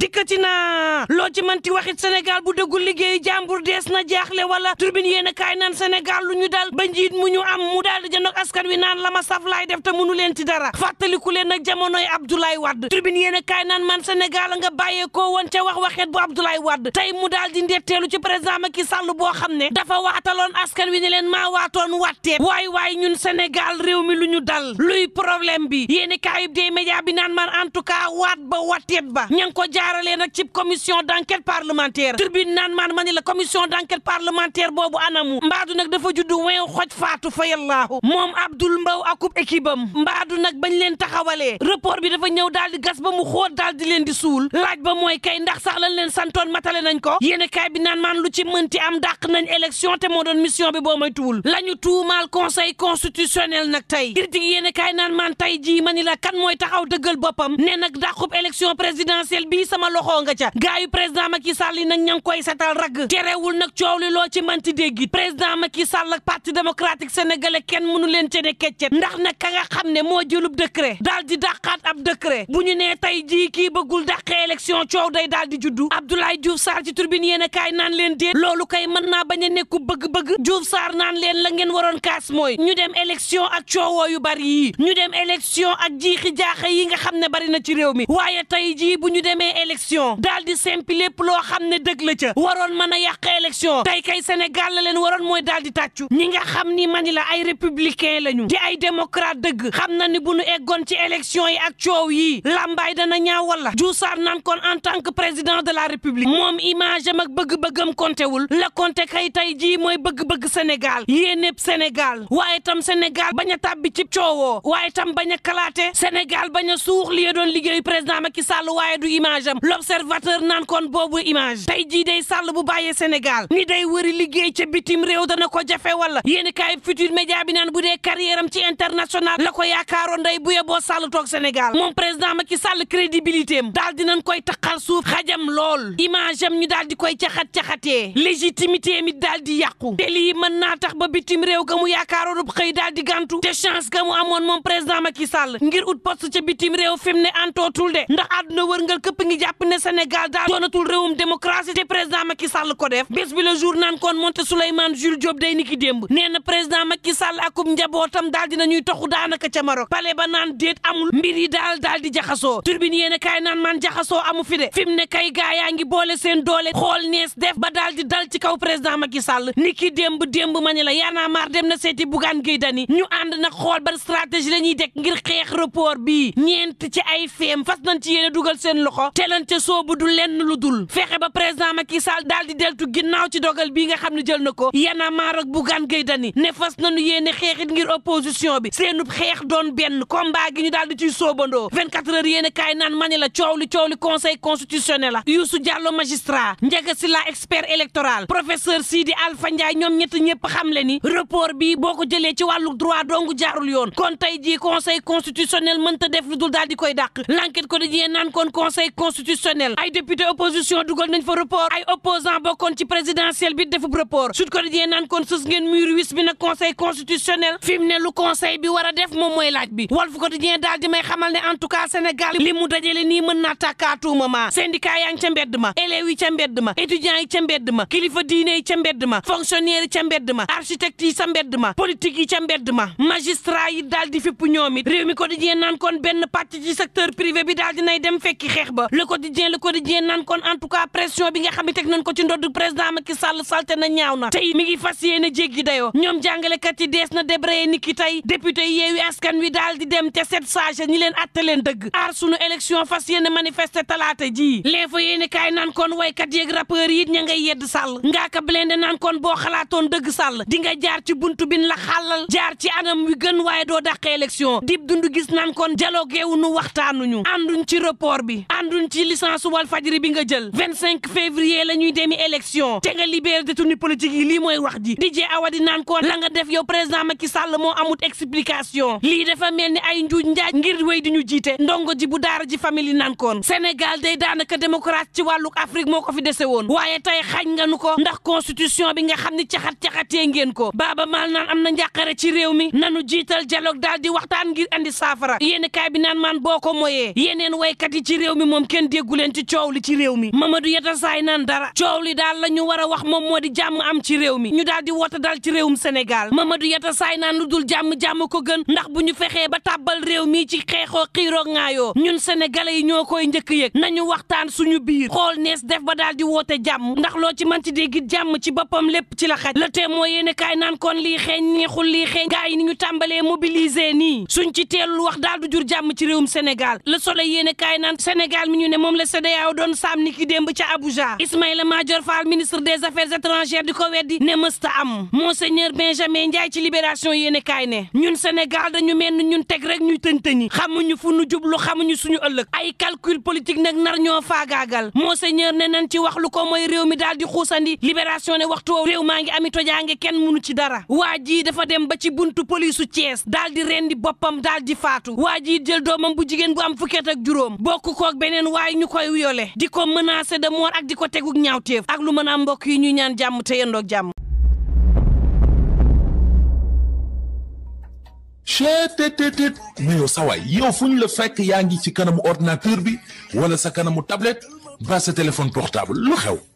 dikkati na loo ci mënti waxit Sénégal bu dëggul liggéey jàmbur dees na jaaxle wala turbine yéen a kaay naan senegal lu ñu dal ba njiit mu ñu am mu daal di jënd askan wi naan la ma saf laay def te mënu leen ci dara fàttaliku leen nag jamonoy Abdoulaye Wade turbine yéen a kaay naan man Sénégal nga ko woon ca wax waxeet bu Abdoulaye Wade tey mu daal di ndetteelu ci président Macky Sall boo xam ne dafa waataloon askan wi ne leen maa waatoon wattee waay waay ñun Sénégal réew mi lu ñu dal luy problème bi yéen bi naan man en tout cas waat ba watteet ba ña ko jaar jaaralee nag ci commission d' enquête parlementaire tribune naan maan ma ni la commission d' enquête parlementaire boobu anamu mbaadu nag dafa judd wew xoj faatu fa yallaahu moom Abdoul Mbaw akub équipe am mbaadu nag bañ leen taxawalee rapport bi dafa ñëw daal di gas ba mu xóot daal di leen di suul laaj ba mooy kay ndax sax lañ leen santoon matale nañ ko yéen kaay bi naan maan lu ci mënti am dàq nañ élection te moo doon mission bi boo may tuwul la ñu tuumaal conseil constitutionnel nag tey critique yéen kaay naan maan jii ma la kan mooy taxaw dëggal boppam ne nag dàqub élection présidentielle bi sama loxo nga ca gars yi président Macky Sall yi nag ña ngi koy setal rag terewul nag coow li loo ci manti déggi président Macky Sall parti démocratique sénégalais kenn mënu leen te ne keccet ndax nag ka nga xam ne moo jëlub décret daal di dàqaat ab décret bu ñu nee tey ji kii bëggul dàqee élection coow day daal di juddu Abdoulaye Diouf Sarr ci turbine yéen a kaay naan leen déet loolu kay mën naa bañ a nekku bëgg-bëgg Diouf Sarr naan leen la ngeen waroon kaas mooy ñu dem élection ak coowoo yu bari yi ñu dem élection ak jiixi jaaxa yi nga xam ne bari na ci réew mi élection daal di simpi lépp loo xam ne dëgg la ca waroon mën a yàq élection tey kay Sénégal la leen waroon mooy daal di tàccu ñi nga xam ni mani la ay républicain lañu di ay démocrate dëgg xam na ni bu nu eggoon ci élection yi ak coow yi lambaay dana ñaaw wala juusaar naan kon en tant que président de la république moom image am ak bëgg-bëggam kontewul la konte kay tey jii mooy bëgg-bëgg Sénégal yéenépp Sénégal waaye tam Sénégal bañ tàbbi ci coowoo waaye tam bañ a kalaate Sénégal bañ a suux li doon liggéeyu président l'observateur naan kon boobu image tey jii dey sall bu bàyyee Sénégal ni day wëri liggéey ca bitim réew dana ko jafe wala yéeni kaay futur média bi naan bu dee carrière am ci international la ko yaakaaroon day buye boo sàll toog Sénégal moom président Macky Sall crédibilité am daal dinañ koy taqal suuf xajam lool image am ñu di koy caxat-caxatee légitimité mi daal di yàqu te lii man naa tax ba bitim réew ga mu yaakaaroon xëy daal di gàntu te chance ga moom président Macky Sall ngir ut poste ca bitim réew fi mu ne antootul de këpp jàpp ne Sénégal daal doonatul réewum démocratie te président Macky Sall ko def bés bi le jour naan kon monte Souleymane Jules Diop day ni ki démb nee na président Macky Sall akub njabootam daal dinañuy toxu daanaka ca Maroc ba naan déet amul mbir yi daal daal di jaxasoo turbine yéen a kaay naan man jaxasoo amu fi fi mu ne kay ngi boole seen doole xool nees def ba daal di dal ci kaw président Macky Sall ni ki démb démb ma ne la yaanaa maar dem na seeti Bougane Gueye Dany ñu ànd nag xool ban stratégie la ñuy deg ngir xeex report bii ñeent ci ay feem fas nañ ci yéen a dugal seen loxo te danañ ca soobu lenn lu dul fexe ba président Macky Sall daal di deltu ginnaaw ci dogal bii nga xam ne jël na ko yana maar ak Bougane Gueye Dany ne fas nañu yéene xeexit ngir opposition bi seenub xeex doon benn combat gi ñu daal di ciy soobandoo 24 heures yéene kaay naan mani la coow li coow li conseil constitutionnel la Youssou Diallo magistrat Ndiaga Sylla expert électoral professeur Sidi Alpha Ndiaye ñoom ñett ñëpp xam le ni report bi boo ko jëlee ci wàllu droit dongu jaarul yoon kon tey jii conseil constitutionnel mënta def lu dul daal di koy dàq l'enquête ko dajee naan kon conseil constitutionnel ay député opposition dugal nañ fa report ay opposant bokkoon ci présidentiel bi defub report Sud Quotidien naan kon sës ngeen wis bi na conseil constitutionnel fi ne lu conseil bi war a def moom laaj bi Walf Quotidien daal di may xamal ne en tout cas Sénégal li nii mën naa tàkkaatu ma ma syndicat yaa ngi ca mbedd ma élèves yi ca mbedd ma étudiants yi ca mbedd ma kilifa diine yi ca mbedd ma fonctionnaire yi ca mbedd ma architecte yi ca mbedd ma politique quotidien le quotidien nan kon en tout cas pression bi nga xam ne teg nañ ko ci ndodd président Macky Sall salte na ñaaw na tey mi ngi fas yéene jéggi dayoo ñoom jàngalekat yi dees na débrayé ni ki tey député yi yeewi askan wi daal di dem te set sage ñi leen atte leen dëgg aar sunu élection fas yéene manifester talaata ji l'info yéene kaay nan kon waykat yeeg rappeurs yi ña ngay yedd sàll ngaa ka blende nan kon boo xalaatoon dëgg sàll di nga jaar ci buntu bin la xàllal jaar ci anam wi gën waaye doo dàq élection dib dund gis nan kon dialogué wu nu waxtaanuñu ànduñ ci rapport bi ci licence Walfadjri bi nga jël 25 février la ñuy demi élection te nga libéré détenu politique yi lii mooy wax ji DJ Awadi naan ko la nga def yow président Macky Sall moo amut explication lii dafa mel ni ay njuuj njaaj ngir wéy di ñu jiite ndongo ji bu daara ji famille naan koon Sénégal day daanaka démocrate ci wàllu Afrique moo ko fi dese woon waaye tey xañ nga nu ko ndax constitution bi nga xam ni caxat caxatee ngeen ko baaba maal naan am na njàqare ci réew mi nanu jiital dialogue daal di waxtaan ngir andi saafara yéen kaay bi naan maan boo ko moyee yeneen waykat yi ci réew mi moom kenn déggu leen ci coow li ci réew mi Mamadou Yatassay naan dara coow li daal la ñu war a wax moom moo di jàmm am ci réew mi ñu daal di woote dal ci réew réewum Sénégal Mamadou Yatassay naan lu dul jàmm jàmm ko gën ndax bu ñu fexee ba tàbbal réew mi ci xeexoo xiiroo ŋaayoo ñun sénégalais yi ñoo koy njëkk yëg ñu waxtaan suñu biir xool nees def ba daal di woote jàmm ndax loo ci man ci dégg jàmm ci boppam lépp ci la xaj le Témoin yéene kaay naan kon lii xeeñ neexul lii xeeñ gaa yi ni ñu tàmbalee mobiliser nii suñ ci teelul wax daal jur jàmm ci réewum Sénégal le Soleil yéene moom la CEDEAO doon saam ni ki démb ca Abuja Ismaïla Madior Fall ministre de affaires étrangères di ko weddi ne mësta am monseigneur Benjamin Ndiaye ci libération yéene kaay ne ñun Sénégal dañu mel ni ñun teg rek ñuy tëntëñi xamuñu fu nu jublu xamuñu suñu ëllëg ay calcul politique nag nar ñoo faagaagal monseigneur ne nañ ci wax lu ko mooy réew mi daal di xuusandi libération ne waxtu woowu réew maa ngi ami tojaange kenn munu ci dara waa jii dafa dem ba ci buntu polisu Thiès daal di rendi boppam daal di faatu waa jii jël doomam bu jigéen bu am fukket ak juróom bokk koog beneen ay ñu koy violé di ko menacé de mort ak di ko tegug ñaawteef ak lu mën a mbokk yi ñu ñaan jàmm te yendoog jàmm chetttt mais yow sawaay yow fu ñu la fekk yaa ngi ci kanamu ordinateur bi wala sa kanamu tablette ba sa téléphone portable lu xew